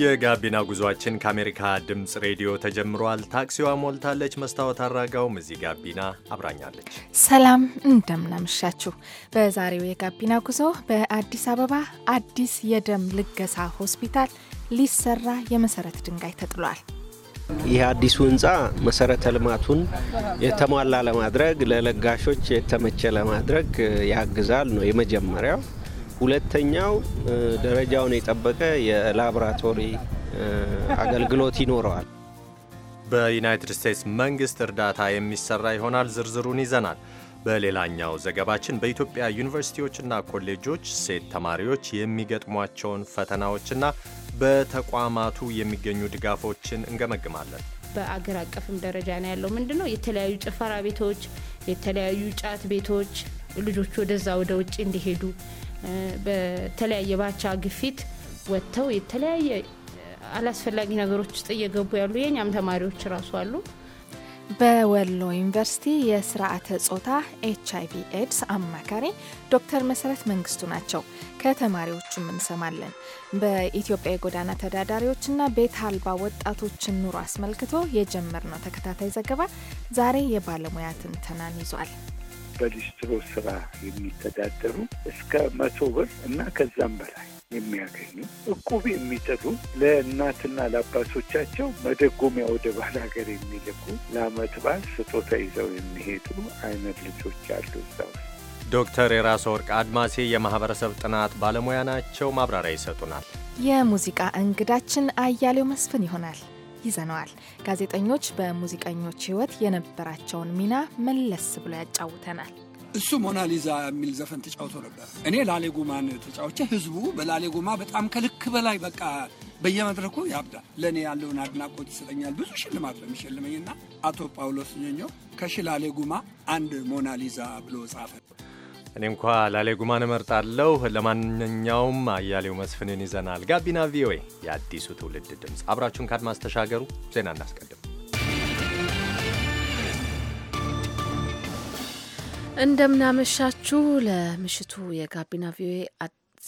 የጋቢና ጉዟችን ከአሜሪካ ድምፅ ሬዲዮ ተጀምሯል። ታክሲዋ ሞልታለች። መስታወት አራጋውም እዚህ ጋቢና አብራኛለች። ሰላም እንደምናመሻችሁ። በዛሬው የጋቢና ጉዞ በአዲስ አበባ አዲስ የደም ልገሳ ሆስፒታል ሊሰራ የመሰረት ድንጋይ ተጥሏል። ይህ አዲሱ ህንፃ መሰረተ ልማቱን የተሟላ ለማድረግ ለለጋሾች የተመቸ ለማድረግ ያግዛል ነው የመጀመሪያው ሁለተኛው ደረጃውን የጠበቀ የላቦራቶሪ አገልግሎት ይኖረዋል። በዩናይትድ ስቴትስ መንግስት እርዳታ የሚሰራ ይሆናል። ዝርዝሩን ይዘናል። በሌላኛው ዘገባችን በኢትዮጵያ ዩኒቨርሲቲዎችና ኮሌጆች ሴት ተማሪዎች የሚገጥሟቸውን ፈተናዎችና በተቋማቱ የሚገኙ ድጋፎችን እንገመግማለን። በአገር አቀፍም ደረጃ ነው ያለው። ምንድ ነው የተለያዩ ጭፈራ ቤቶች፣ የተለያዩ ጫት ቤቶች ልጆቹ ወደዛ ወደ ውጭ እንዲሄዱ በተለያየ ባቻ ግፊት ወጥተው የተለያየ አላስፈላጊ ነገሮች ውስጥ እየገቡ ያሉ የኛም ተማሪዎች ራሱ አሉ። በወሎ ዩኒቨርሲቲ የስርዓተ ጾታ ኤች አይ ቪ ኤድስ አማካሪ ዶክተር መሰረት መንግስቱ ናቸው። ከተማሪዎቹም እንሰማለን። በኢትዮጵያ የጎዳና ተዳዳሪዎችና ቤት አልባ ወጣቶችን ኑሮ አስመልክቶ የጀመርነው ተከታታይ ዘገባ ዛሬ የባለሙያ ትንተናን ይዟል። በሊስትሮ ስራ የሚተዳደሩ እስከ መቶ ብር እና ከዛም በላይ የሚያገኙ እቁብ የሚጥሉ ለእናትና ለአባቶቻቸው መደጎሚያ ወደ ባህል ሀገር የሚልኩ ለአመት በዓል ስጦታ ይዘው የሚሄዱ አይነት ልጆች አሉ እዛ ውስጥ። ዶክተር የራስ ወርቅ አድማሴ የማህበረሰብ ጥናት ባለሙያ ናቸው። ማብራሪያ ይሰጡናል። የሙዚቃ እንግዳችን አያሌው መስፍን ይሆናል። ይዘነዋል። ጋዜጠኞች በሙዚቀኞች ሕይወት የነበራቸውን ሚና መለስ ብሎ ያጫውተናል። እሱ ሞናሊዛ የሚል ዘፈን ተጫውቶ ነበር። እኔ ላሌጉማን ተጫውቼ ህዝቡ በላሌጉማ በጣም ከልክ በላይ በቃ በየመድረኩ ያብዳል። ለእኔ ያለውን አድናቆት ይሰጠኛል። ብዙ ሽልማት ነው የሚሸልመኝና አቶ ጳውሎስ ኞኞ ከሺ አንድ ሞናሊዛ ብሎ ጻፈ። እኔ እንኳ ላሌ ጉማን እመርጣለሁ። ለማንኛውም አያሌው መስፍንን ይዘናል። ጋቢና ቪኦኤ የአዲሱ ትውልድ ድምፅ። አብራችሁን ካድማስ ተሻገሩ። ዜና እናስቀድም። እንደምናመሻችሁ። ለምሽቱ የጋቢና ቪኦኤ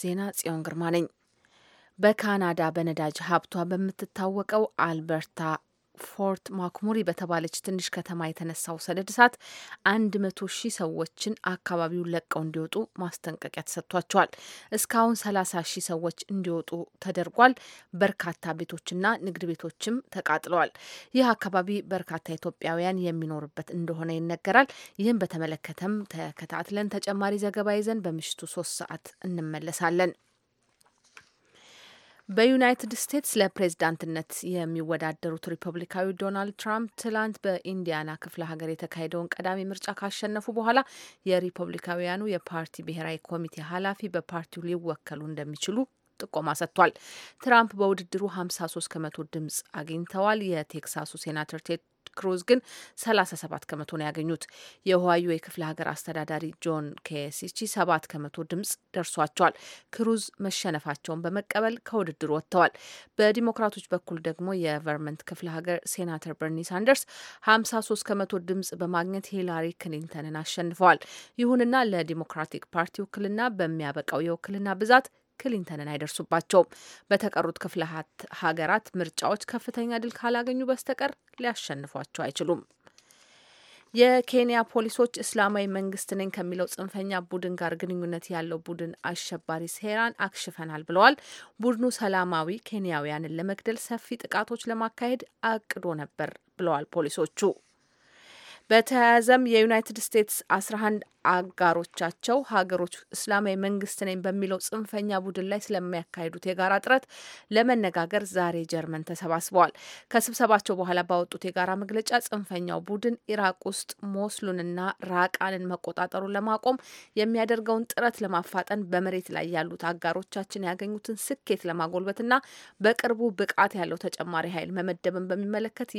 ዜና ጽዮን ግርማ ነኝ። በካናዳ በነዳጅ ሀብቷ በምትታወቀው አልበርታ ፎርት ማክሙሪ በተባለች ትንሽ ከተማ የተነሳው ሰደድ እሳት አንድ መቶ ሺህ ሰዎችን አካባቢውን ለቀው እንዲወጡ ማስጠንቀቂያ ተሰጥቷቸዋል። እስካሁን ሰላሳ ሺህ ሰዎች እንዲወጡ ተደርጓል። በርካታ ቤቶችና ንግድ ቤቶችም ተቃጥለዋል። ይህ አካባቢ በርካታ ኢትዮጵያውያን የሚኖርበት እንደሆነ ይነገራል። ይህም በተመለከተም ተከታትለን ተጨማሪ ዘገባ ይዘን በምሽቱ ሶስት ሰዓት እንመለሳለን። በዩናይትድ ስቴትስ ለፕሬዝዳንትነት የሚወዳደሩት ሪፐብሊካዊ ዶናልድ ትራምፕ ትላንት በኢንዲያና ክፍለ ሀገር የተካሄደውን ቀዳሚ ምርጫ ካሸነፉ በኋላ የሪፐብሊካውያኑ የፓርቲ ብሔራዊ ኮሚቴ ኃላፊ በፓርቲው ሊወከሉ እንደሚችሉ ጥቆማ ሰጥቷል። ትራምፕ በውድድሩ 53 ከመቶ ድምጽ አግኝተዋል። የቴክሳሱ ሴናተር ክሩዝ ግን 37 ከመቶ ነው ያገኙት። የኦሃዮ የክፍለ ሀገር አስተዳዳሪ ጆን ኬሲቺ 7 ከመቶ ድምጽ ደርሷቸዋል። ክሩዝ መሸነፋቸውን በመቀበል ከውድድሩ ወጥተዋል። በዲሞክራቶች በኩል ደግሞ የቨርመንት ክፍለ ሀገር ሴናተር በርኒ ሳንደርስ 53 ከመቶ ድምጽ በማግኘት ሂላሪ ክሊንተንን አሸንፈዋል። ይሁንና ለዲሞክራቲክ ፓርቲ ውክልና በሚያበቃው የውክልና ብዛት ክሊንተንን አይደርሱባቸውም። በተቀሩት ክፍለ ሀገራት ምርጫዎች ከፍተኛ ድል ካላገኙ በስተቀር ሊያሸንፏቸው አይችሉም። የኬንያ ፖሊሶች እስላማዊ መንግስት ነኝ ከሚለው ጽንፈኛ ቡድን ጋር ግንኙነት ያለው ቡድን አሸባሪ ሴራን አክሽፈናል ብለዋል። ቡድኑ ሰላማዊ ኬንያውያንን ለመግደል ሰፊ ጥቃቶች ለማካሄድ አቅዶ ነበር ብለዋል ፖሊሶቹ። በተያያዘም የዩናይትድ ስቴትስ አስራ አንድ አጋሮቻቸው ሀገሮች እስላማዊ መንግስት ነኝ በሚለው ጽንፈኛ ቡድን ላይ ስለሚያካሂዱት የጋራ ጥረት ለመነጋገር ዛሬ ጀርመን ተሰባስበዋል። ከስብሰባቸው በኋላ ባወጡት የጋራ መግለጫ ጽንፈኛው ቡድን ኢራቅ ውስጥ ሞስሉንና ራቃንን መቆጣጠሩን ለማቆም የሚያደርገውን ጥረት ለማፋጠን በመሬት ላይ ያሉት አጋሮቻችን ያገኙትን ስኬት ለማጎልበትና በቅርቡ ብቃት ያለው ተጨማሪ ኃይል መመደብን በሚመለከት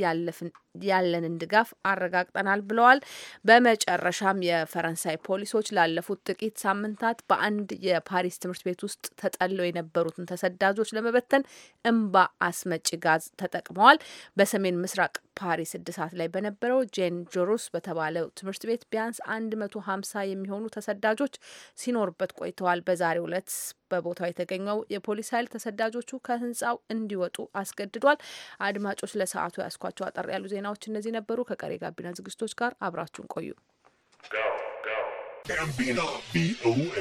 ያለንን ድጋፍ አረጋግጠናል ብለዋል። በመጨረሻም የፈረንሳይ ፖሊሶች ላለፉት ጥቂት ሳምንታት በአንድ የፓሪስ ትምህርት ቤት ውስጥ ተጠለው የነበሩትን ተሰዳጆች ለመበተን እምባ አስመጪ ጋዝ ተጠቅመዋል። በሰሜን ምስራቅ ፓሪስ እድሳት ላይ በነበረው ጄን ጆሮስ በተባለው ትምህርት ቤት ቢያንስ ሀምሳ የሚሆኑ ተሰዳጆች ሲኖሩበት ቆይተዋል። በዛሬው ዕለት በቦታው የተገኘው የፖሊስ ኃይል ተሰዳጆቹ ከህንፃው እንዲወጡ አስገድዷል። አድማጮች ለሰዓቱ ያስኳቸው አጠር ያሉ ዜናዎች እነዚህ ነበሩ። ከቀሪ ጋቢና ዝግጅቶች ጋር አብራችሁን ቆዩ። ጋቢና ቪኦኤ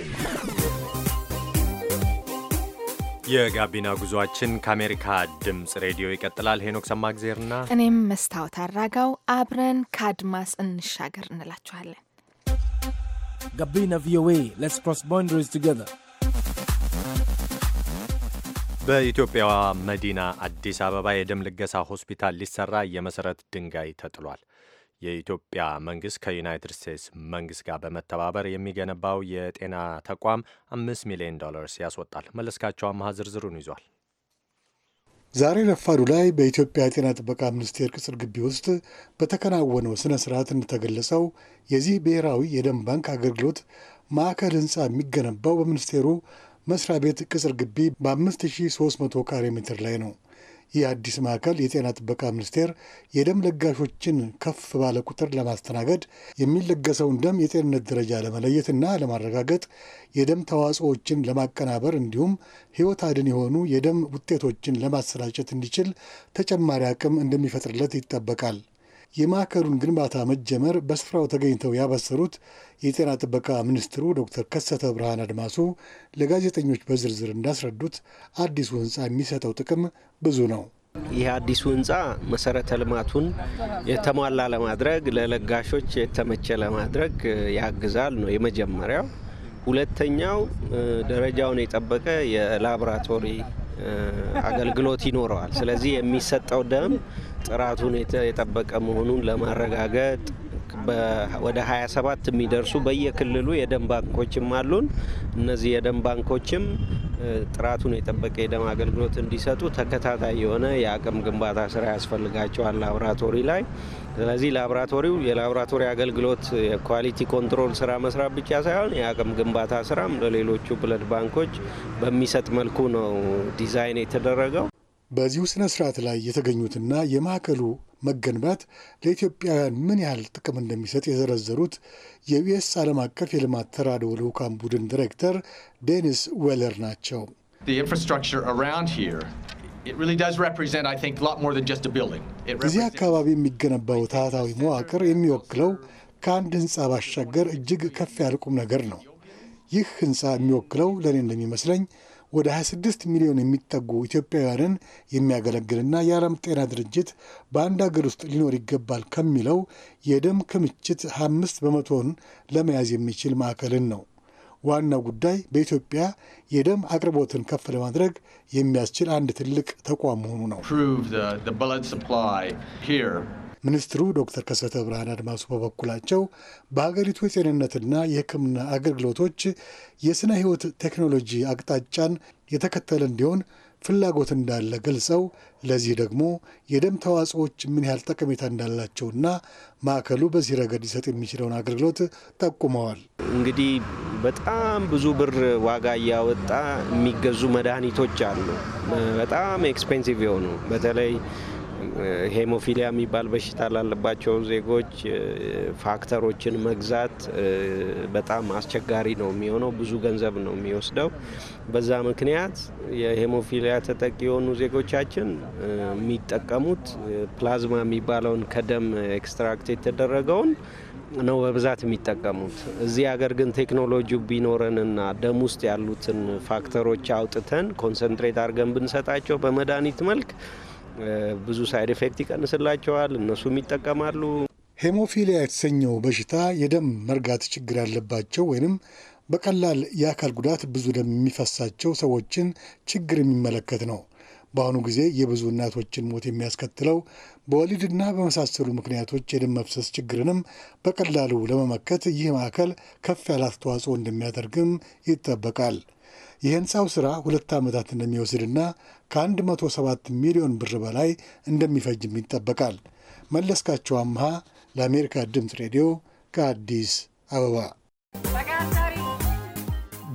የጋቢና ጉዟችን ከአሜሪካ ድምፅ ሬዲዮ ይቀጥላል። ሄኖክ ሰማግዜርና እኔም መስታወት አራጋው አብረን ከአድማስ እንሻገር እንላችኋለን። ጋቢና ቪኦኤ ሌትስ ክሮስ ቦንደሪስ ቱጌዘር በኢትዮጵያ መዲና አዲስ አበባ የደም ልገሳ ሆስፒታል ሊሰራ የመሰረት ድንጋይ ተጥሏል። የኢትዮጵያ መንግስት ከዩናይትድ ስቴትስ መንግስት ጋር በመተባበር የሚገነባው የጤና ተቋም አምስት ሚሊዮን ዶላርስ ያስወጣል። መለስካቸው አማሃ ዝርዝሩን ይዟል። ዛሬ ረፋዱ ላይ በኢትዮጵያ የጤና ጥበቃ ሚኒስቴር ቅጽር ግቢ ውስጥ በተከናወነው ስነ ስርዓት እንደተገለጸው የዚህ ብሔራዊ የደም ባንክ አገልግሎት ማዕከል ህንፃ የሚገነባው በሚኒስቴሩ መስሪያ ቤት ቅጽር ግቢ በ5300 ካሬ ሜትር ላይ ነው። ይህ አዲስ ማዕከል የጤና ጥበቃ ሚኒስቴር የደም ለጋሾችን ከፍ ባለ ቁጥር ለማስተናገድ የሚለገሰውን ደም የጤንነት ደረጃ ለመለየትና ለማረጋገጥ የደም ተዋጽኦዎችን ለማቀናበር እንዲሁም ሕይወት አድን የሆኑ የደም ውጤቶችን ለማሰራጨት እንዲችል ተጨማሪ አቅም እንደሚፈጥርለት ይጠበቃል። የማዕከሉን ግንባታ መጀመር በስፍራው ተገኝተው ያበሰሩት የጤና ጥበቃ ሚኒስትሩ ዶክተር ከሰተ ብርሃን አድማሱ ለጋዜጠኞች በዝርዝር እንዳስረዱት አዲሱ ህንፃ የሚሰጠው ጥቅም ብዙ ነው። ይህ አዲሱ ህንፃ መሰረተ ልማቱን የተሟላ ለማድረግ ለለጋሾች የተመቸ ለማድረግ ያግዛል ነው የመጀመሪያው። ሁለተኛው ደረጃውን የጠበቀ የላቦራቶሪ አገልግሎት ይኖረዋል። ስለዚህ የሚሰጠው ደም ጥራቱን የጠበቀ መሆኑን ለማረጋገጥ ወደ 27 የሚደርሱ በየክልሉ የደም ባንኮችም አሉን። እነዚህ የደም ባንኮችም ጥራቱን የጠበቀ የደም አገልግሎት እንዲሰጡ ተከታታይ የሆነ የአቅም ግንባታ ስራ ያስፈልጋቸዋል ላቦራቶሪ ላይ። ስለዚህ ላቦራቶሪው የላቦራቶሪ አገልግሎት የኳሊቲ ኮንትሮል ስራ መስራት ብቻ ሳይሆን የአቅም ግንባታ ስራም ለሌሎቹ ብለድ ባንኮች በሚሰጥ መልኩ ነው ዲዛይን የተደረገው። በዚሁ ስነ ስርዓት ላይ የተገኙትና የማዕከሉ መገንባት ለኢትዮጵያውያን ምን ያህል ጥቅም እንደሚሰጥ የዘረዘሩት የዩኤስ ዓለም አቀፍ የልማት ተራድኦ ልዑካን ቡድን ዲሬክተር ዴኒስ ዌለር ናቸው። እዚህ አካባቢ የሚገነባው ታህታዊ መዋቅር የሚወክለው ከአንድ ህንፃ ባሻገር እጅግ ከፍ ያለ ቁም ነገር ነው። ይህ ህንፃ የሚወክለው ለእኔ እንደሚመስለኝ ወደ 26 ሚሊዮን የሚጠጉ ኢትዮጵያውያንን የሚያገለግልና የዓለም ጤና ድርጅት በአንድ ሀገር ውስጥ ሊኖር ይገባል ከሚለው የደም ክምችት 25 በመቶን ለመያዝ የሚችል ማዕከልን ነው። ዋናው ጉዳይ በኢትዮጵያ የደም አቅርቦትን ከፍ ለማድረግ የሚያስችል አንድ ትልቅ ተቋም መሆኑ ነው። ሚኒስትሩ ዶክተር ከሰተ ብርሃን አድማሱ በበኩላቸው በሀገሪቱ የጤንነትና የሕክምና አገልግሎቶች የሥነ ሕይወት ቴክኖሎጂ አቅጣጫን የተከተለ እንዲሆን ፍላጎት እንዳለ ገልጸው ለዚህ ደግሞ የደም ተዋጽኦዎች ምን ያህል ጠቀሜታ እንዳላቸውና ማዕከሉ በዚህ ረገድ ሊሰጥ የሚችለውን አገልግሎት ጠቁመዋል። እንግዲህ በጣም ብዙ ብር ዋጋ እያወጣ የሚገዙ መድኃኒቶች አሉ። በጣም ኤክስፔንሲቭ የሆኑ በተለይ ሄሞፊሊያ የሚባል በሽታ ላለባቸው ዜጎች ፋክተሮችን መግዛት በጣም አስቸጋሪ ነው የሚሆነው። ብዙ ገንዘብ ነው የሚወስደው። በዛ ምክንያት የሄሞፊሊያ ተጠቂ የሆኑ ዜጎቻችን የሚጠቀሙት ፕላዝማ የሚባለውን ከደም ኤክስትራክት የተደረገውን ነው በብዛት የሚጠቀሙት። እዚህ ሀገር ግን ቴክኖሎጂው ቢኖረንና ደም ውስጥ ያሉትን ፋክተሮች አውጥተን ኮንሰንትሬት አድርገን ብንሰጣቸው በመድኃኒት መልክ ብዙ ሳይድ ኤፌክት ይቀንስላቸዋል፣ እነሱም ይጠቀማሉ። ሄሞፊሊያ የተሰኘው በሽታ የደም መርጋት ችግር ያለባቸው ወይንም በቀላል የአካል ጉዳት ብዙ ደም የሚፈሳቸው ሰዎችን ችግር የሚመለከት ነው። በአሁኑ ጊዜ የብዙ እናቶችን ሞት የሚያስከትለው በወሊድና በመሳሰሉ ምክንያቶች የደም መፍሰስ ችግርንም በቀላሉ ለመመከት ይህ ማዕከል ከፍ ያለ አስተዋጽኦ እንደሚያደርግም ይጠበቃል። የህንፃው ስራ ሁለት ዓመታት እንደሚወስድና ከ107 ሚሊዮን ብር በላይ እንደሚፈጅም ይጠበቃል። መለስካቸው አምሃ ለአሜሪካ ድምፅ ሬዲዮ ከአዲስ አበባ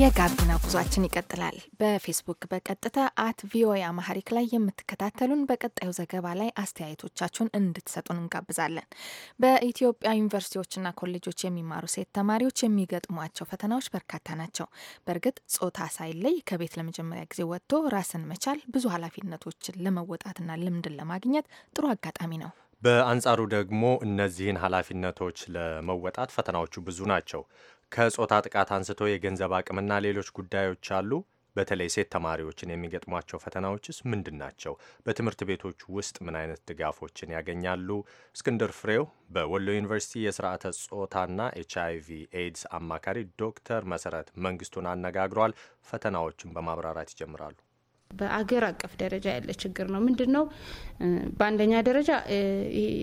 የጋቢና ጉዟችን ይቀጥላል። በፌስቡክ በቀጥታ አት ቪኦኤ አማሐሪክ ላይ የምትከታተሉን በቀጣዩ ዘገባ ላይ አስተያየቶቻችሁን እንድትሰጡን እንጋብዛለን። በኢትዮጵያ ዩኒቨርሲቲዎችና ኮሌጆች የሚማሩ ሴት ተማሪዎች የሚገጥሟቸው ፈተናዎች በርካታ ናቸው። በእርግጥ ጾታ ሳይለይ ከቤት ለመጀመሪያ ጊዜ ወጥቶ ራስን መቻል ብዙ ኃላፊነቶችን ለመወጣትና ልምድን ለማግኘት ጥሩ አጋጣሚ ነው። በአንጻሩ ደግሞ እነዚህን ኃላፊነቶች ለመወጣት ፈተናዎቹ ብዙ ናቸው። ከጾታ ጥቃት አንስቶ የገንዘብ አቅምና ሌሎች ጉዳዮች አሉ። በተለይ ሴት ተማሪዎችን የሚገጥሟቸው ፈተናዎችስ ምንድን ናቸው? በትምህርት ቤቶች ውስጥ ምን አይነት ድጋፎችን ያገኛሉ? እስክንድር ፍሬው በወሎ ዩኒቨርሲቲ የስርዓተ ጾታና ኤች አይቪ ኤድስ አማካሪ ዶክተር መሰረት መንግስቱን አነጋግሯል። ፈተናዎችን በማብራራት ይጀምራሉ። በአገር አቀፍ ደረጃ ያለ ችግር ነው። ምንድን ነው? በአንደኛ ደረጃ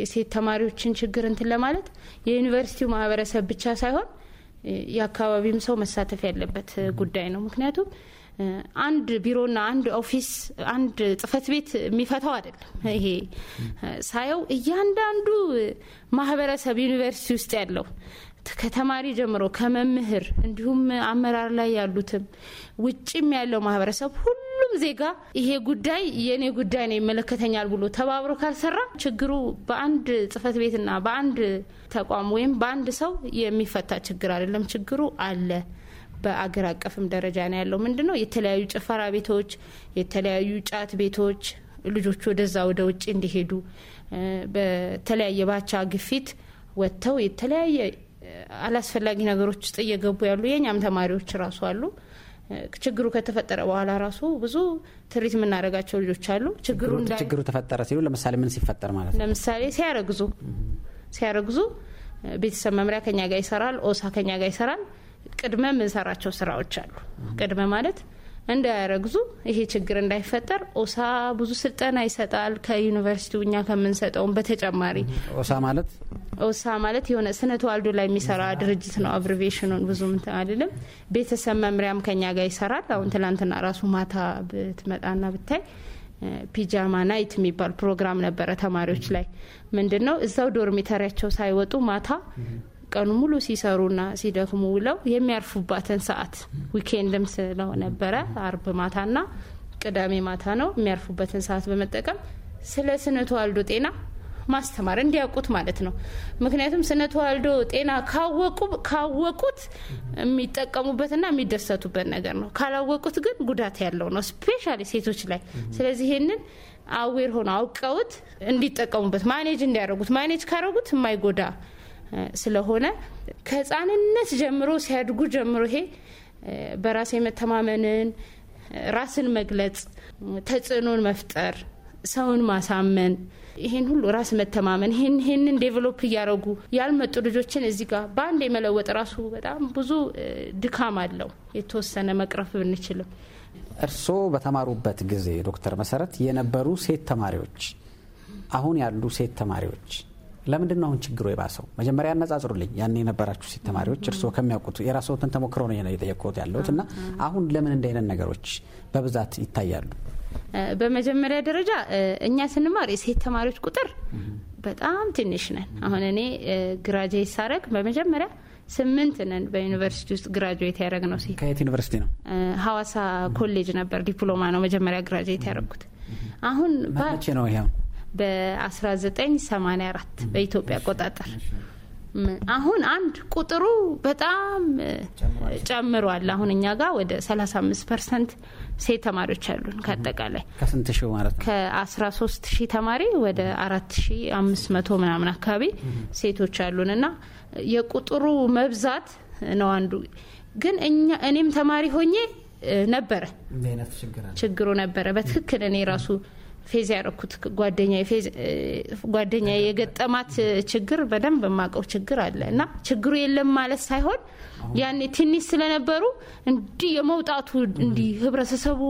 የሴት ተማሪዎችን ችግር እንትን ለማለት የዩኒቨርሲቲው ማህበረሰብ ብቻ ሳይሆን የአካባቢም ሰው መሳተፍ ያለበት ጉዳይ ነው። ምክንያቱም አንድ ቢሮና አንድ ኦፊስ፣ አንድ ጽህፈት ቤት የሚፈታው አይደለም። ይሄ ሳየው እያንዳንዱ ማህበረሰብ ዩኒቨርሲቲ ውስጥ ያለው ከተማሪ ጀምሮ ከመምህር እንዲሁም አመራር ላይ ያሉትም ውጭም ያለው ማህበረሰብ ሁሉም ዜጋ ይሄ ጉዳይ የእኔ ጉዳይ ነው ይመለከተኛል ብሎ ተባብሮ ካልሰራ ችግሩ በአንድ ጽህፈት ቤትና በአንድ ተቋም ወይም በአንድ ሰው የሚፈታ ችግር አይደለም። ችግሩ አለ። በአገር አቀፍም ደረጃ ነው ያለው። ምንድ ነው የተለያዩ ጭፈራ ቤቶች፣ የተለያዩ ጫት ቤቶች ልጆቹ ወደዛ ወደ ውጭ እንዲሄዱ በተለያየ ባቻ ግፊት ወጥተው የተለያየ አላስፈላጊ ነገሮች ውስጥ እየገቡ ያሉ የእኛም ተማሪዎች ራሱ አሉ። ችግሩ ከተፈጠረ በኋላ ራሱ ብዙ ትሪት የምናደርጋቸው ልጆች አሉ። ችግሩ ተፈጠረ ሲሉ ለምሳሌ ምን ሲፈጠር ማለት ነው? ለምሳሌ ሲያረግዙ ሲያረግዙ ቤተሰብ መምሪያ ከኛ ጋር ይሰራል። ኦሳ ከኛ ጋር ይሰራል። ቅድመ የምንሰራቸው ስራዎች አሉ። ቅድመ ማለት እንዳያረግዙ ይሄ ችግር እንዳይፈጠር ኦሳ ብዙ ስልጠና ይሰጣል። ከዩኒቨርሲቲው እኛ ከምንሰጠውም በተጨማሪ ኦሳ ማለት ኦሳ ማለት የሆነ ስነ ተዋልዶ ላይ የሚሰራ ድርጅት ነው። አብሪቬሽኑን ብዙ እንትን አይደለም። ቤተሰብ መምሪያም ከኛ ጋር ይሰራል። አሁን ትላንትና ራሱ ማታ ብትመጣና ብታይ ፒጃማ ናይት የሚባል ፕሮግራም ነበረ። ተማሪዎች ላይ ምንድን ነው እዛው ዶርሚተሪያቸው ሳይወጡ ማታ ቀኑ ሙሉ ሲሰሩና ሲደክሙ ውለው የሚያርፉባትን ሰዓት ዊኬንድም ስለነበረ ነበረ አርብ ማታና ቅዳሜ ማታ ነው የሚያርፉበትን ሰዓት በመጠቀም ስለ ስነ ተዋልዶ ጤና ማስተማር እንዲያውቁት ማለት ነው። ምክንያቱም ስነ ተዋልዶ ጤና ካወቁት የሚጠቀሙበትና የሚደሰቱበት ነገር ነው። ካላወቁት ግን ጉዳት ያለው ነው፣ ስፔሻሊ ሴቶች ላይ። ስለዚህ ይህንን አዌር ሆነው አውቀውት እንዲጠቀሙበት ማኔጅ እንዲያደርጉት ማኔጅ ካረጉት የማይጎዳ ስለሆነ ከህፃንነት ጀምሮ ሲያድጉ ጀምሮ ይሄ በራስ የመተማመንን ራስን መግለጽ፣ ተጽዕኖን መፍጠር፣ ሰውን ማሳመን ይሄን ሁሉ ራስ መተማመን ይሄን ይሄንን ዴቨሎፕ እያደረጉ ያልመጡ ልጆችን እዚህ ጋር በአንድ የመለወጥ ራሱ በጣም ብዙ ድካም አለው። የተወሰነ መቅረፍ ብንችልም እርስዎ በተማሩበት ጊዜ ዶክተር መሰረት የነበሩ ሴት ተማሪዎች አሁን ያሉ ሴት ተማሪዎች ለምንድን ነው አሁን ችግሩ የባሰው? መጀመሪያ ያነጻጽሩልኝ። ያን የነበራችሁ ሴት ተማሪዎች እርስዎ ከሚያውቁት የራስዎትን ተሞክሮ ነው የጠየቅኩት ያለሁት እና አሁን ለምን እንደ አይነት ነገሮች በብዛት ይታያሉ? በመጀመሪያ ደረጃ እኛ ስንማር የሴት ተማሪዎች ቁጥር በጣም ትንሽ ነን። አሁን እኔ ግራጅዌት ሳረግ በመጀመሪያ ስምንት ነን በዩኒቨርሲቲ ውስጥ ግራጅዌት ያደረግ ነው። ሴት ከየት ዩኒቨርሲቲ ነው? ሀዋሳ ኮሌጅ ነበር ዲፕሎማ ነው መጀመሪያ ግራጅዌት ያደረግኩት። አሁን መቼ ነው ይሄው በ1984 በኢትዮጵያ አቆጣጠር። አሁን አንድ ቁጥሩ በጣም ጨምሯል። አሁን እኛ ጋር ወደ 35 ፐርሰንት ሴት ተማሪዎች አሉን። ከአጠቃላይ ከስንት ሺህ ማለት ነው? ከ13 ሺህ ተማሪ ወደ 4500 ምናምን አካባቢ ሴቶች አሉን እና የቁጥሩ መብዛት ነው አንዱ ግን እኛ እኔም ተማሪ ሆኜ ነበረ ችግሩ ነበረ በትክክል እኔ ራሱ ፌዝ ያረኩት ጓደኛ የገጠማት ችግር በደንብ የማውቀው ችግር አለ እና ችግሩ የለም ማለት ሳይሆን ያኔ ትንሽ ስለነበሩ እንዲህ የመውጣቱ እንዲህ ህብረተሰቡ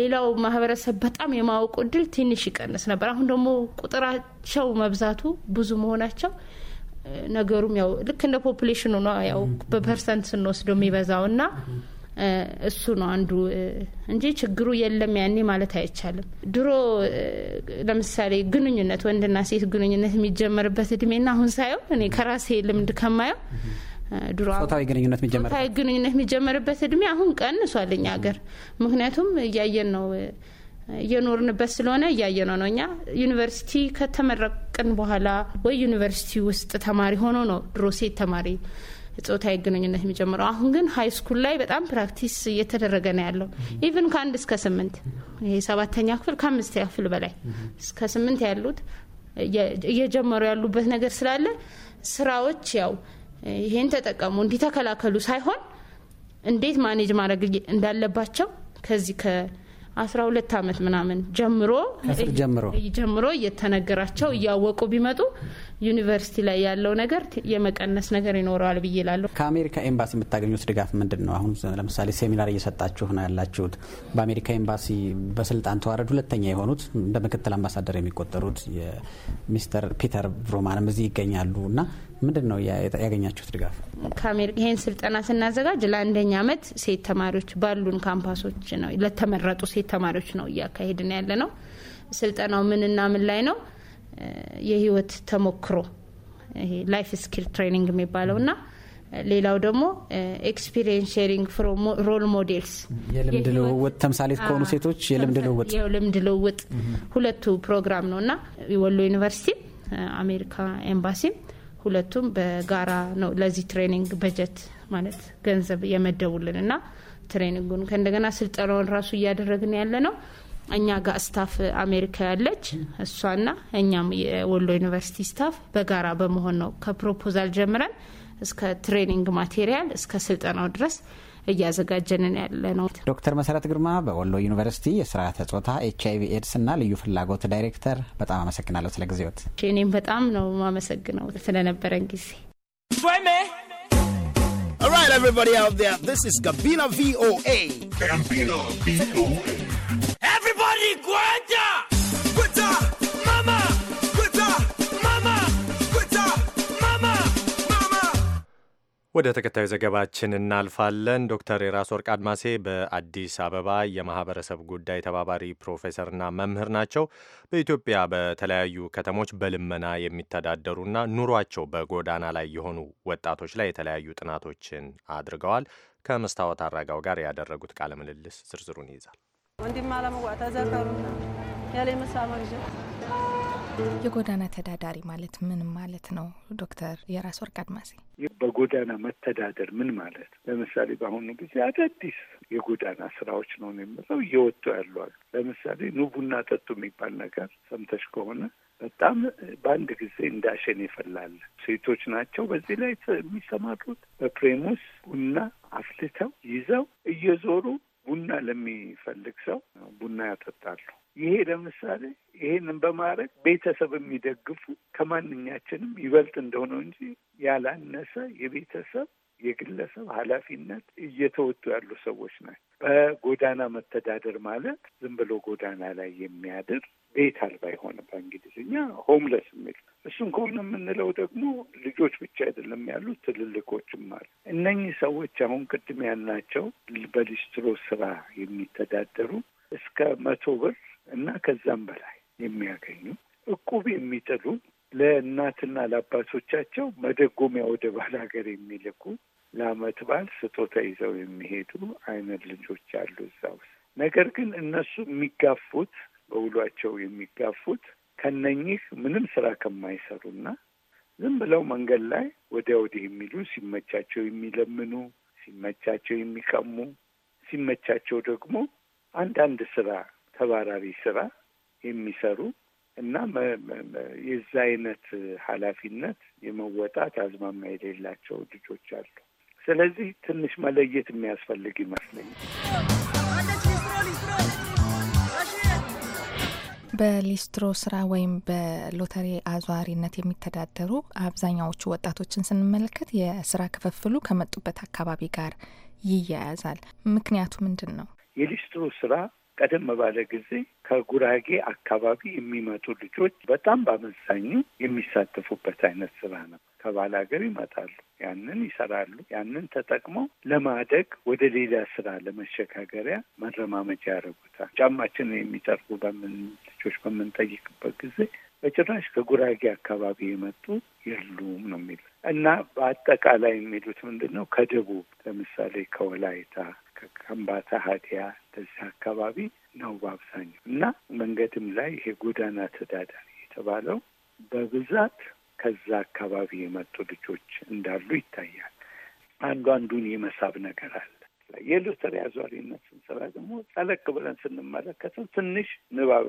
ሌላው ማህበረሰብ በጣም የማወቁ እድል ትንሽ ይቀንስ ነበር። አሁን ደግሞ ቁጥራቸው መብዛቱ ብዙ መሆናቸው ነገሩም ያው ልክ እንደ ፖፕሌሽኑ ነው። ያው በፐርሰንት ስንወስደው የሚበዛው እና እሱ ነው አንዱ እንጂ ችግሩ የለም ያኔ ማለት አይቻልም። ድሮ ለምሳሌ ግንኙነት ወንድና ሴት ግንኙነት የሚጀመርበት እድሜና አሁን ሳየው እኔ ከራሴ ልምድ ከማየው ድሮ ጾታዊ ግንኙነት የሚጀመርበት እድሜ አሁን ቀንሷል እኛ ሀገር። ምክንያቱም እያየን ነው እየኖርንበት ስለሆነ እያየነው ነው። እኛ ዩኒቨርሲቲ ከተመረቅን በኋላ ወይ ዩኒቨርሲቲ ውስጥ ተማሪ ሆኖ ነው ድሮ ሴት ተማሪ ጾታዊ ግንኙነት የሚጀምረው። አሁን ግን ሀይ ስኩል ላይ በጣም ፕራክቲስ እየተደረገ ነው ያለው። ኢቭን ከአንድ እስከ ስምንት ይሄ ሰባተኛ ክፍል ከአምስት ክፍል በላይ እስከ ስምንት ያሉት እየጀመሩ ያሉበት ነገር ስላለ ስራዎች ያው ይሄን ተጠቀሙ እንዲተከላከሉ ሳይሆን እንዴት ማኔጅ ማድረግ እንዳለባቸው ከዚህ አስራ ሁለት ዓመት ምናምን ጀምሮ ጀምሮ እየተነገራቸው እያወቁ ቢመጡ ዩኒቨርሲቲ ላይ ያለው ነገር የመቀነስ ነገር ይኖረዋል ብዬ እላለሁ። ከአሜሪካ ኤምባሲ የምታገኙት ድጋፍ ምንድን ነው? አሁን ለምሳሌ ሴሚናር እየሰጣችሁ ነው ያላችሁት። በአሜሪካ ኤምባሲ በስልጣን ተዋረድ ሁለተኛ የሆኑት እንደ ምክትል አምባሳደር የሚቆጠሩት የሚስተር ፒተር ብሩማንም እዚህ ይገኛሉ እና ምንድን ነው ያገኛችሁት ድጋፍ? ከአሜሪካ ይህን ስልጠና ስናዘጋጅ ለአንደኛ ዓመት ሴት ተማሪዎች ባሉን ካምፓሶች ነው ለተመረጡ ሴት ተማሪዎች ነው እያካሄድን ያለ ነው። ስልጠናው ምንና ምን ላይ ነው? የህይወት ተሞክሮ ላይፍ ስኪል ትሬኒንግ የሚባለው ና ሌላው ደግሞ ኤክስፒሪየንስ ሼሪንግ ሮል ሞዴልስ የልምድ ልውውጥ ተምሳሌት ከሆኑ ሴቶች የልምድ ልውውጥ የልምድ ልውውጥ ሁለቱ ፕሮግራም ነው እና ወሎ ዩኒቨርሲቲ አሜሪካ ኤምባሲም ሁለቱም በጋራ ነው ለዚህ ትሬኒንግ በጀት ማለት ገንዘብ የመደቡልን እና ትሬኒንጉን ከእንደገና ስልጠናውን ራሱ እያደረግን ያለ ነው። እኛ ጋር ስታፍ አሜሪካ ያለች እሷና እኛም የወሎ ዩኒቨርሲቲ ስታፍ በጋራ በመሆን ነው ከፕሮፖዛል ጀምረን እስከ ትሬኒንግ ማቴሪያል እስከ ስልጠናው ድረስ እያዘጋጀንን ያለ ነው። ዶክተር መሰረት ግርማ በወሎ ዩኒቨርሲቲ የስርዓተ ጾታ ኤች አይቪ ኤድስ እና ልዩ ፍላጎት ዳይሬክተር፣ በጣም አመሰግናለሁ ስለ ጊዜዎት። እኔም በጣም ነው ማመሰግነው ስለነበረን ጊዜ። Alright everybody out there, this is Gabina VOA. Gabina VOA. Everybody go! ወደ ተከታዩ ዘገባችን እናልፋለን። ዶክተር የራስ ወርቅ አድማሴ በአዲስ አበባ የማህበረሰብ ጉዳይ ተባባሪ ፕሮፌሰርና መምህር ናቸው። በኢትዮጵያ በተለያዩ ከተሞች በልመና የሚተዳደሩና ኑሯቸው በጎዳና ላይ የሆኑ ወጣቶች ላይ የተለያዩ ጥናቶችን አድርገዋል። ከመስታወት አራጋው ጋር ያደረጉት ቃለ ምልልስ ዝርዝሩን ይይዛል። ወንድማ ለመዋታ ዘከሩና የጎዳና ተዳዳሪ ማለት ምን ማለት ነው ዶክተር የራስ ወርቅ አድማሴ? በጎዳና መተዳደር ምን ማለት ለምሳሌ በአሁኑ ጊዜ አዳዲስ የጎዳና ስራዎች ነው የምለው እየወጡ ያሉ ለምሳሌ ኑ ቡና ጠጡ የሚባል ነገር ሰምተሽ ከሆነ በጣም በአንድ ጊዜ እንዳሸን ይፈላል። ሴቶች ናቸው በዚህ ላይ የሚሰማሩት። በፕሬሙስ ቡና አፍልተው ይዘው እየዞሩ ቡና ለሚፈልግ ሰው ቡና ያጠጣሉ። ይሄ ለምሳሌ ይሄንን በማድረግ ቤተሰብ የሚደግፉ ከማንኛችንም ይበልጥ እንደሆነው እንጂ ያላነሰ የቤተሰብ የግለሰብ ኃላፊነት እየተወጡ ያሉ ሰዎች ናቸው። በጎዳና መተዳደር ማለት ዝም ብሎ ጎዳና ላይ የሚያድር ቤት አልባ የሆነ በእንግሊዝኛ ሆምለስ የሚል እሱን ከሆነ የምንለው ደግሞ ልጆች ብቻ አይደለም ያሉ ትልልቆችም አሉ። እነኚህ ሰዎች አሁን ቅድም ያልናቸው በሊስትሮ ስራ የሚተዳደሩ እስከ መቶ ብር እና ከዛም በላይ የሚያገኙ እቁብ የሚጥሉ ለእናትና ለአባቶቻቸው መደጎሚያ ወደ ባህል ሀገር የሚልኩ ለአመት በዓል ስጦታ ይዘው የሚሄዱ አይነት ልጆች አሉ እዛ ውስጥ። ነገር ግን እነሱ የሚጋፉት በውሏቸው የሚጋፉት ከነኚህ ምንም ስራ ከማይሰሩና ዝም ብለው መንገድ ላይ ወዲያ ወዲህ የሚሉ ሲመቻቸው የሚለምኑ ሲመቻቸው የሚቀሙ ሲመቻቸው ደግሞ አንዳንድ ስራ ተባራሪ ስራ የሚሰሩ እና የዛ አይነት ኃላፊነት የመወጣት አዝማማ የሌላቸው ልጆች አሉ። ስለዚህ ትንሽ መለየት የሚያስፈልግ ይመስለኛል። በሊስትሮ ስራ ወይም በሎተሪ አዟሪነት የሚተዳደሩ አብዛኛዎቹ ወጣቶችን ስንመለከት የስራ ክፍፍሉ ከመጡበት አካባቢ ጋር ይያያዛል። ምክንያቱ ምንድን ነው? የሊስትሮ ስራ ቀደም ባለ ጊዜ ከጉራጌ አካባቢ የሚመጡ ልጆች በጣም በአመዛኙ የሚሳተፉበት አይነት ስራ ነው። ከባል ሀገር ይመጣሉ፣ ያንን ይሰራሉ። ያንን ተጠቅመው ለማደግ ወደ ሌላ ስራ ለመሸጋገሪያ መረማመጃ ያደርጉታል። ጫማችን የሚጠርጉ በምን ልጆች በምንጠይቅበት ጊዜ በጭራሽ ከጉራጌ አካባቢ የመጡ የሉም ነው የሚሉት እና በአጠቃላይ የሚሉት ምንድን ነው ከደቡብ ለምሳሌ ከወላይታ ከከምባታ ሀዲያ ተዚህ አካባቢ ነው በአብዛኛው እና መንገድም ላይ ይሄ ጎዳና ተዳዳሪ የተባለው በብዛት ከዛ አካባቢ የመጡ ልጆች እንዳሉ ይታያል። አንዱ አንዱን የመሳብ ነገር አለ። የሎተሪ አዟሪነት ስንሰራ ደግሞ ጠለቅ ብለን ስንመለከተው ትንሽ ንባብ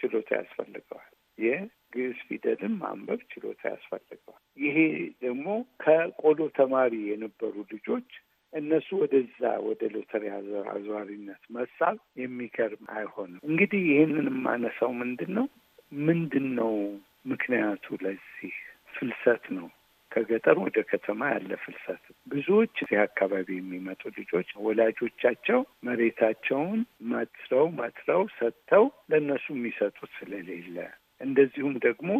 ችሎታ ያስፈልገዋል። የግዕዝ ፊደልም ማንበብ ችሎታ ያስፈልገዋል። ይሄ ደግሞ ከቆሎ ተማሪ የነበሩ ልጆች እነሱ ወደዛ ወደ ሎተሪ አዘዋሪነት መሳብ የሚገርም አይሆንም። እንግዲህ ይህንን የማነሳው ምንድን ነው ምንድን ነው ምክንያቱ ለዚህ ፍልሰት ነው። ከገጠር ወደ ከተማ ያለ ፍልሰት ብዙዎች እዚህ አካባቢ የሚመጡ ልጆች ወላጆቻቸው መሬታቸውን መትረው መትረው ሰጥተው ለእነሱ የሚሰጡት ስለሌለ፣ እንደዚሁም ደግሞ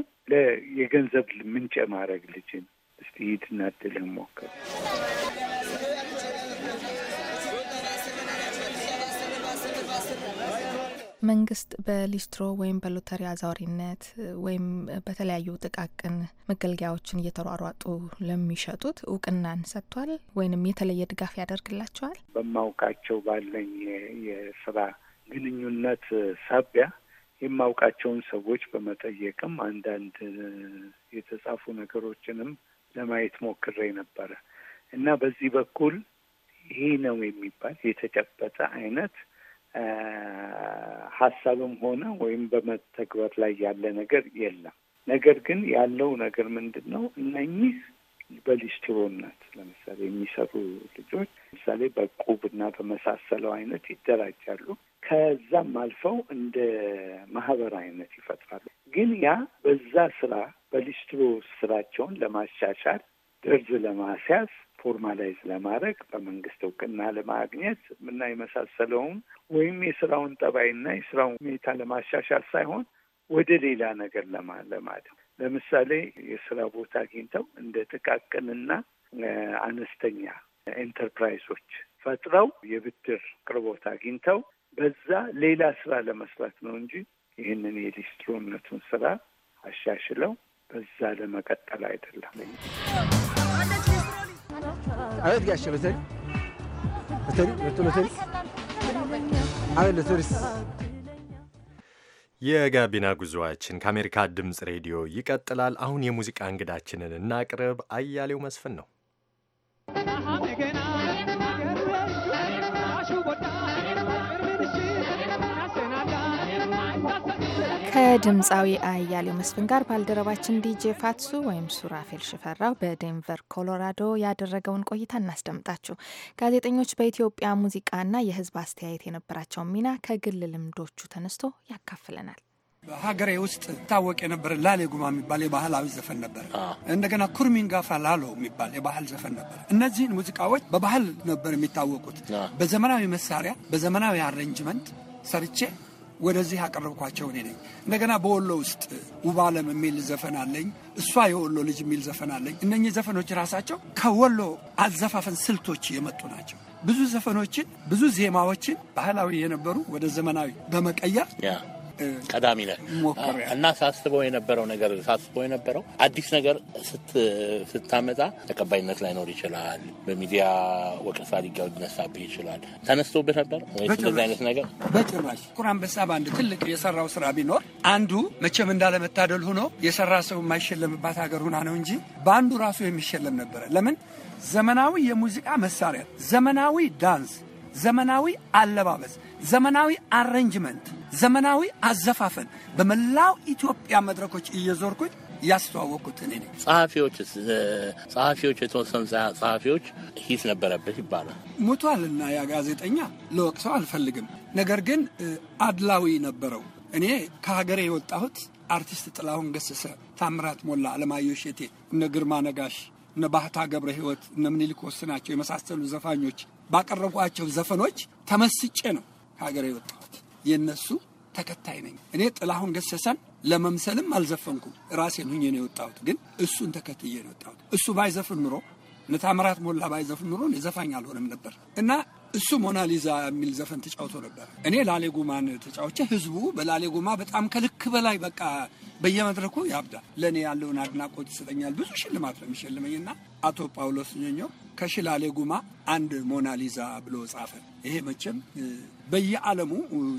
የገንዘብ ምንጭ የማድረግ ልጅን እስቲ ሂድና እድልህን ሞክር መንግስት በሊስትሮ ወይም በሎተሪ አዛውሪነት ወይም በተለያዩ ጥቃቅን መገልገያዎችን እየተሯሯጡ ለሚሸጡት እውቅናን ሰጥቷል ወይንም የተለየ ድጋፍ ያደርግላቸዋል? በማውቃቸው ባለኝ የስራ ግንኙነት ሳቢያ የማውቃቸውን ሰዎች በመጠየቅም አንዳንድ የተጻፉ ነገሮችንም ለማየት ሞክሬ ነበረ እና በዚህ በኩል ይሄ ነው የሚባል የተጨበጠ አይነት ሀሳብም ሆነ ወይም በመተግበር ላይ ያለ ነገር የለም። ነገር ግን ያለው ነገር ምንድን ነው? እነኚህ በሊስትሮነት ለምሳሌ የሚሰሩ ልጆች ለምሳሌ እና በመሳሰለው አይነት ይደራጃሉ። ከዛም አልፈው እንደ ማህበር አይነት ይፈጥራሉ። ግን ያ በዛ ስራ በሊስትሮ ስራቸውን ለማሻሻል ደርዝ ለማስያዝ ፎርማላይዝ ለማድረግ በመንግስት እውቅና ለማግኘት ምና የመሳሰለውን ወይም የስራውን ጠባይና የስራውን ሁኔታ ለማሻሻል ሳይሆን ወደ ሌላ ነገር ለማለማድ ለምሳሌ የስራ ቦታ አግኝተው እንደ ጥቃቅንና አነስተኛ ኤንተርፕራይዞች ፈጥረው የብድር ቅርቦት አግኝተው በዛ ሌላ ስራ ለመስራት ነው እንጂ ይህንን የሊስትሮነቱን ስራ አሻሽለው በዛ ለመቀጠል አይደለም። አቤት ጋሼ በተሪ በተሪ በተሪ አቤት ለተሪስ የጋቢና ጉዞዋችን ከአሜሪካ ድምፅ ሬዲዮ ይቀጥላል። አሁን የሙዚቃ እንግዳችንን እናቅርብ። አያሌው መስፍን ነው። ከድምፃዊ አያሌው መስፍን ጋር ባልደረባችን ዲጄ ፋትሱ ወይም ሱራፌል ሽፈራው በዴንቨር ኮሎራዶ ያደረገውን ቆይታ እናስደምጣችሁ። ጋዜጠኞች በኢትዮጵያ ሙዚቃና የሕዝብ አስተያየት የነበራቸውን ሚና ከግል ልምዶቹ ተነስቶ ያካፍለናል። በሀገሬ ውስጥ ታወቅ የነበረ ላሌ ጉማ የሚባል የባህላዊ ዘፈን ነበር። እንደገና ኩርሚንጋፋ ላሎ የሚባል የባህል ዘፈን ነበር። እነዚህን ሙዚቃዎች በባህል ነበር የሚታወቁት። በዘመናዊ መሳሪያ፣ በዘመናዊ አሬንጅመንት ሰርቼ ወደዚህ ያቀረብኳቸው እኔ ነኝ። እንደገና በወሎ ውስጥ ውብ አለም የሚል ዘፈን አለኝ፣ እሷ የወሎ ልጅ የሚል ዘፈን አለኝ። እነኚህ ዘፈኖች ራሳቸው ከወሎ አዘፋፈን ስልቶች የመጡ ናቸው። ብዙ ዘፈኖችን ብዙ ዜማዎችን ባህላዊ የነበሩ ወደ ዘመናዊ በመቀየር ቀዳሚ ነህ እና ሳስበው የነበረው ነገር ሳስበው የነበረው አዲስ ነገር ስታመጣ ተቀባይነት ላይኖር ይችላል፣ በሚዲያ ወቀሳ ሊጋው ሊነሳብህ ይችላል። ተነስቶብህ ነበር ወይስ እንደዚህ አይነት ነገር? በጭራሽ ጥቁር አንበሳ በአንድ ትልቅ የሰራው ስራ ቢኖር አንዱ መቼም እንዳለመታደል ሆኖ የሰራ ሰው የማይሸለምባት ሀገር ሁና ነው እንጂ በአንዱ ራሱ የሚሸለም ነበረ። ለምን ዘመናዊ የሙዚቃ መሳሪያ፣ ዘመናዊ ዳንስ ዘመናዊ አለባበስ፣ ዘመናዊ አሬንጅመንት፣ ዘመናዊ አዘፋፈን በመላው ኢትዮጵያ መድረኮች እየዞርኩኝ ያስተዋወቁት እኔ ነኝ። ጸሐፊዎች ጸሐፊዎች የተወሰኑ ጸሐፊዎች ሂት ነበረበት ይባላል። ሙቷልና ያ ጋዜጠኛ ለወቅሰው አልፈልግም። ነገር ግን አድላዊ ነበረው። እኔ ከሀገሬ የወጣሁት አርቲስት ጥላሁን ገሰሰ፣ ታምራት ሞላ፣ አለማየሁ እሸቴ፣ እነ ግርማ ነጋሽ፣ እነ ባህታ ገብረ ህይወት እነ ምኒልክ ወስናቸው የመሳሰሉ ዘፋኞች ባቀረብኳቸው ዘፈኖች ተመስጬ ነው ከሀገር የወጣሁት። የነሱ ተከታይ ነኝ እኔ። ጥላሁን ገሰሰን ለመምሰልም አልዘፈንኩም፣ ራሴን ሁኜ ነው የወጣሁት። ግን እሱን ተከትዬ ነው የወጣሁት። እሱ ባይዘፍን ኑሮ ነታምራት ሞላ ባይዘፍን ኑሮ ዘፋኝ አልሆነም ነበር እና እሱ ሞናሊዛ የሚል ዘፈን ተጫውቶ ነበር። እኔ ላሌጉማን ተጫውቼ ህዝቡ በላሌጉማ በጣም ከልክ በላይ በቃ በየመድረኩ ያብዳል። ለእኔ ያለውን አድናቆት ይሰጠኛል። ብዙ ሽልማት ነው የሚሸልመኝና አቶ ጳውሎስ ኞኞ ከሽላሌ ጉማ አንድ ሞናሊዛ ብሎ ጻፈ። ይሄ መቼም በየዓለሙ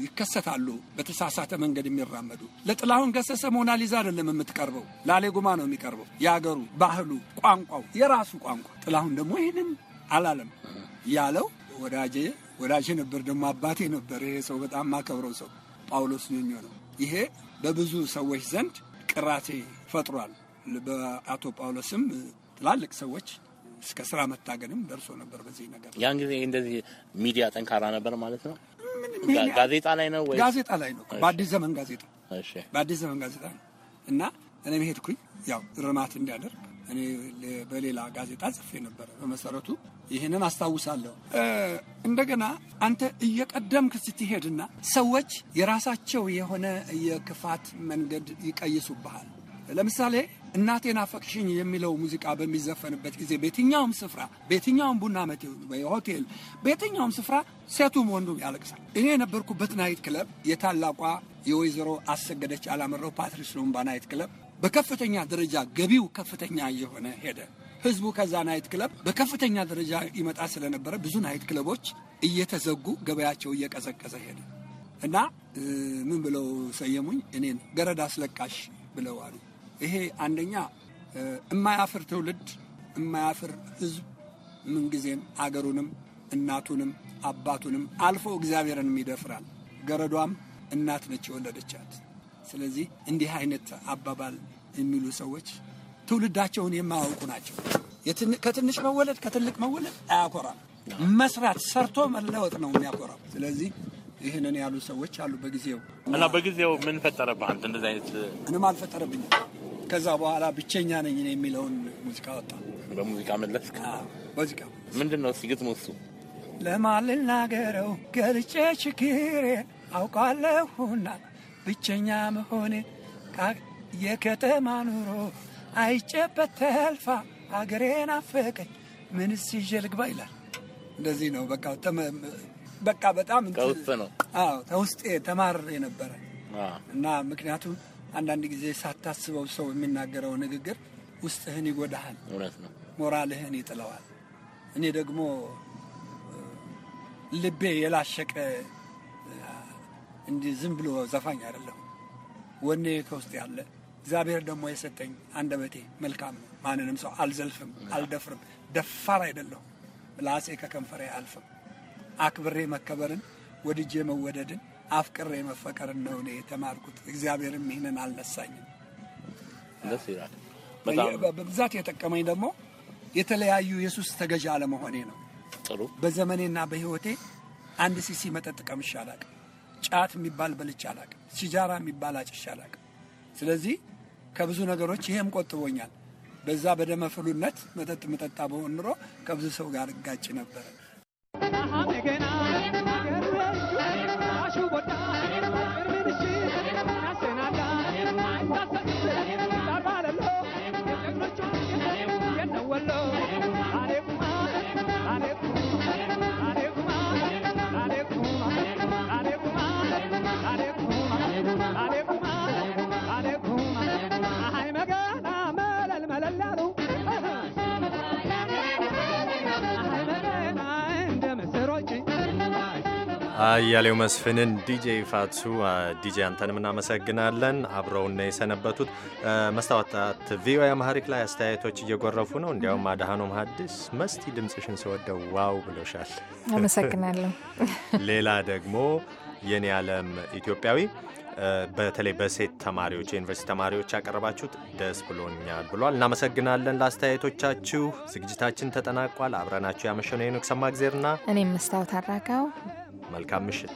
ይከሰታሉ። በተሳሳተ መንገድ የሚራመዱ ለጥላሁን ገሰሰ ሞናሊዛ አይደለም የምትቀርበው፣ ላሌ ጉማ ነው የሚቀርበው። የአገሩ ባህሉ፣ ቋንቋው የራሱ ቋንቋ። ጥላሁን ደግሞ ይህንን አላለም ያለው ወዳጄ ወዳጄ ነበር፣ ደግሞ አባቴ ነበር። ይሄ ሰው በጣም ማከብረው ሰው ጳውሎስ ኞኞ ነው። ይሄ በብዙ ሰዎች ዘንድ ቅራቴ ፈጥሯል። በአቶ ጳውሎስም ትላልቅ ሰዎች እስከ ስራ መታገድም ደርሶ ነበር። በዚህ ነገር ያን ጊዜ እንደዚህ ሚዲያ ጠንካራ ነበር ማለት ነው። ጋዜጣ ላይ ነው ወይ? ጋዜጣ ላይ ነው። በአዲስ ዘመን ጋዜጣ፣ በአዲስ ዘመን ጋዜጣ ነው። እና እኔ ሄድኩኝ ያው ርማት እንዲያደርግ እኔ በሌላ ጋዜጣ ጽፌ ነበረ። በመሰረቱ ይህንን አስታውሳለሁ። እንደገና አንተ እየቀደምክ ስትሄድና ሰዎች የራሳቸው የሆነ የክፋት መንገድ ይቀይሱብሃል። ለምሳሌ እናቴን አፈቅሽኝ የሚለው ሙዚቃ በሚዘፈንበት ጊዜ በየትኛውም ስፍራ፣ በየትኛውም ቡና ሆቴል፣ በየትኛውም ስፍራ ሴቱም ወንዱም ያለቅሳል። እኔ የነበርኩበት ናይት ክለብ የታላቋ የወይዘሮ አሰገደች አላመረው ፓትሪስ ሉምባ ናይት ክለብ በከፍተኛ ደረጃ ገቢው ከፍተኛ እየሆነ ሄደ። ህዝቡ ከዛ ናይት ክለብ በከፍተኛ ደረጃ ይመጣ ስለነበረ ብዙ ናይት ክለቦች እየተዘጉ ገበያቸው እየቀዘቀዘ ሄደ እና ምን ብለው ሰየሙኝ? እኔን ገረድ አስለቃሽ ብለው አሉ። ይሄ አንደኛ የማያፍር ትውልድ የማያፍር ህዝብ ምንጊዜም አገሩንም እናቱንም አባቱንም አልፎ እግዚአብሔርንም ይደፍራል። ገረዷም እናት ነች የወለደቻት። ስለዚህ እንዲህ አይነት አባባል የሚሉ ሰዎች ትውልዳቸውን የማያውቁ ናቸው። ከትንሽ መወለድ ከትልቅ መወለድ አያኮራም። መስራት ሰርቶ መለወጥ ነው የሚያኮራው። ስለዚህ ይህንን ያሉ ሰዎች አሉ በጊዜው እና በጊዜው ምን ፈጠረብህ አንተ እንደዚህ አይነት? ምንም አልፈጠረብኝም። ከዛ በኋላ ብቸኛ ነኝ የሚለውን ሙዚቃ ወጣ። በሙዚቃ መለስ ሙዚቃ ምንድን ነው? ሲግጥሙ እሱ ለማን ልናገረው ገልጬ ችግሬ አውቃለሁና ብቸኛ መሆኔ የከተማ ኑሮ አይጨበት ተልፋ አገሬን አፈቀኝ ምንስ ይዤ ልግባ ይላል። እንደዚህ ነው በቃ በቃ በጣም ነው። አዎ ተማር የነበረ እና ምክንያቱም አንዳንድ ጊዜ ሳታስበው ሰው የሚናገረው ንግግር ውስጥህን ይጎዳሃል፣ ሞራልህን ይጥለዋል። እኔ ደግሞ ልቤ የላሸቀ እንዲህ ዝም ብሎ ዘፋኝ አይደለሁ። ወኔ ከውስጥ ያለ እግዚአብሔር ደግሞ የሰጠኝ አንደበቴ መልካም ነው። ማንንም ሰው አልዘልፍም፣ አልደፍርም፣ ደፋር አይደለሁ። ምላሴ ከከንፈሬ አልፍም። አክብሬ መከበርን ወድጄ መወደድን አፍቅሬ መፈቀር እንደሆነ የተማርኩት። እግዚአብሔርም ይህንን አልነሳኝም። ደስ ይላል። በብዛት የጠቀመኝ ደግሞ የተለያዩ የሱስ ተገዣ አለመሆኔ ነው። ጥሩ። በዘመኔና በህይወቴ አንድ ሲሲ መጠጥ ቀምሼ አላቅም። ጫት የሚባል በልቼ አላቅም። ሲጃራ የሚባል አጭሼ አላቅም። ስለዚህ ከብዙ ነገሮች ይሄም ቆጥቦኛል። በዛ በደመ ፍሉነት መጠጥ መጠጣ በሆን ኑሮ ከብዙ ሰው ጋር እጋጭ ነበረ። አያሌው መስፍንን፣ ዲጄ ፋቱ፣ ዲጄ አንተንም እናመሰግናለን። አብረውን የሰነበቱት። መስታወታት ቪኦኤ አማሪክ ላይ አስተያየቶች እየጎረፉ ነው። እንዲያውም አድሃኖም ሀዲስ መስቲ ድምፅሽን ስወደው ዋው ብሎሻል። አመሰግናለሁ። ሌላ ደግሞ የኔ ዓለም ኢትዮጵያዊ በተለይ በሴት ተማሪዎች የዩኒቨርሲቲ ተማሪዎች ያቀረባችሁት ደስ ብሎኛል ብሏል። እናመሰግናለን ለአስተያየቶቻችሁ። ዝግጅታችን ተጠናቋል። አብረናችሁ ያመሸነው የኖክ ሰማ ጊዜርና እኔም መስታወት አድራጋው መልካም ምሽት።